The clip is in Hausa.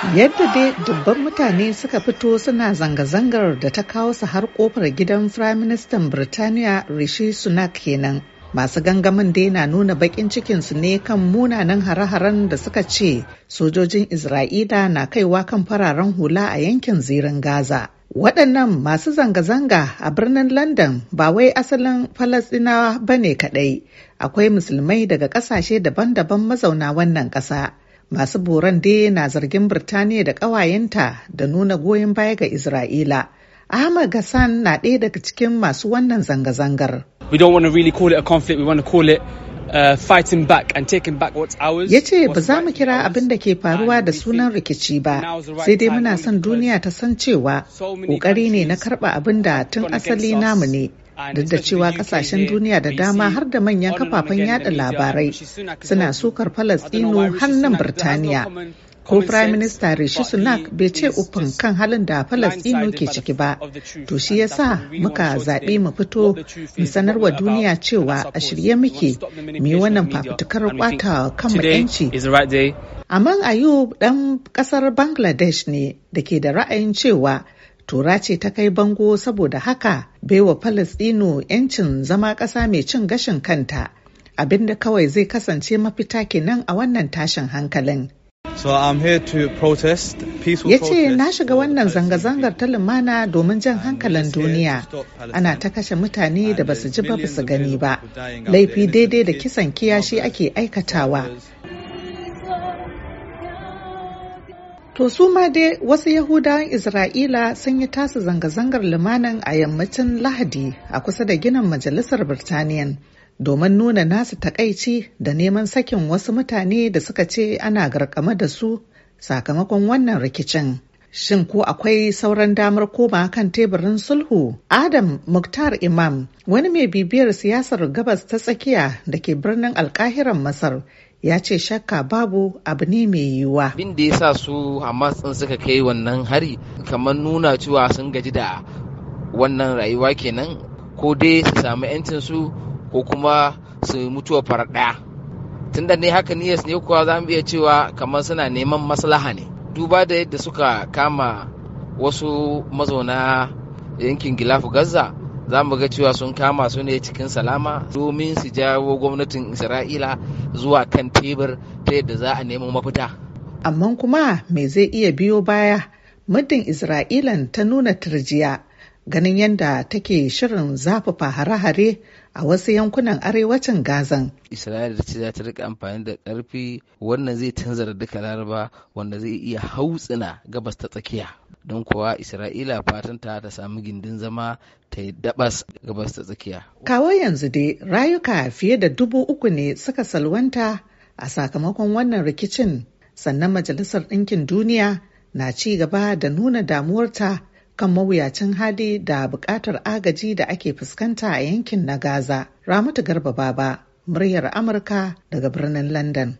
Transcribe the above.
Yadda dai dubban mutane suka fito suna zanga-zangar da ta kawo su har kofar gidan Firaministan Birtaniya Rishi Sunak kenan. Masu gangamin dai na nuna bakin cikinsu ne kan munanan hare-haren da suka ce sojojin Isra'ila na kaiwa kan fararen hula a yankin zirin Gaza. Waɗannan masu zanga-zanga a birnin London ba wai asalin Falasɗinawa ba ne kaɗai, akwai musulmai daga ƙasashe daban-daban mazauna wannan ƙasa. Masu boran dai na zargin Birtaniya da ƙawayenta da nuna goyon baya ga Isra'ila. Ahmad Gassan na ɗaya daga cikin masu wannan zanga-zangar. We don't want to really call it a conflict, we want to call it Uh, fighting back Ya ce ba za mu kira abin da ke faruwa da sunan rikici ba, sai dai muna son duniya ta san cewa ƙoƙari ne na karɓa abin da tun asali namu ne. duk da cewa kasashen duniya da dama har da manyan kafafen yada labarai suna sukar falastino har nan birtaniya ko prime minister rishi sunak bai ce ufin kan halin da falastino ke ciki ba to shi yasa muka zaɓi mu fito mu sanarwa duniya cewa a shirye muke mu yi wannan fafutukar kwata kanmu yanci Amman Ayub ɗan ƙasar Bangladesh ne da ke da ra'ayin cewa tura ce ta kai bango saboda haka baiwa Falasɗinu 'yancin zama ƙasa mai cin gashin kanta abinda kawai zai kasance mafita kenan a wannan tashin hankalin. Ya ce na shiga wannan zanga-zangar ta lumana domin jan hankalin duniya. Ana ta kashe mutane da basu ji ba su gani ba. Laifi daidai da kisan kiyashi ake aikatawa. To su ma dai wasu Yahudawan Isra'ila sun yi tasa zanga-zangar lumana a yammacin Lahadi a kusa da ginin Majalisar Birtaniyan. domin nuna nasu takaici da neman sakin wasu mutane da suka ce ana garkama da su sakamakon wannan rikicin. Shin ko akwai sauran damar koma kan teburin sulhu? Adam Muktar Imam wani mai bibiyar siyasar gabas ta tsakiya da ke birnin alkahiran Masar ya ce shakka babu abu ne mai yiwuwa. Abin da ya sa su Hamas sun suka kai wannan hari kamar nuna cewa sun gaji da wannan rayuwa kenan ko dai su samu 'yancin ko kuma su mutuwa faraɗaya. ɗaya tunda ne haka niyas ne kuwa za mu iya cewa kamar suna neman maslaha ne duba da yadda suka kama wasu mazauna yankin gilafu gaza za mu ga cewa sun kama su ne cikin salama domin su jawo gwamnatin isra'ila zuwa kan tebur ta yadda za a nemo mafita amma kuma me zai iya biyo baya muddin isra'ilan ta nuna turjiya ganin yadda take shirin zafafa hare-hare a wasu yankunan arewacin Gazan. Isra'ila ta ce za ta rika amfani da ƙarfi wannan zai tanzara duka laraba wanda zai iya hautsina gabas ta tsakiya. Don kuwa Isra'ila fatan ta ta samu gindin zama ta yi dabas gabas ta tsakiya. Kawo yanzu dai rayuka fiye da dubu uku ne suka salwanta a sakamakon wannan rikicin sannan Majalisar Ɗinkin Duniya na ci gaba da nuna damuwarta kan mawuyacin hali da buƙatar agaji da ake fuskanta a yankin na Gaza. Ramatu Garba Baba, muryar Amurka daga birnin London.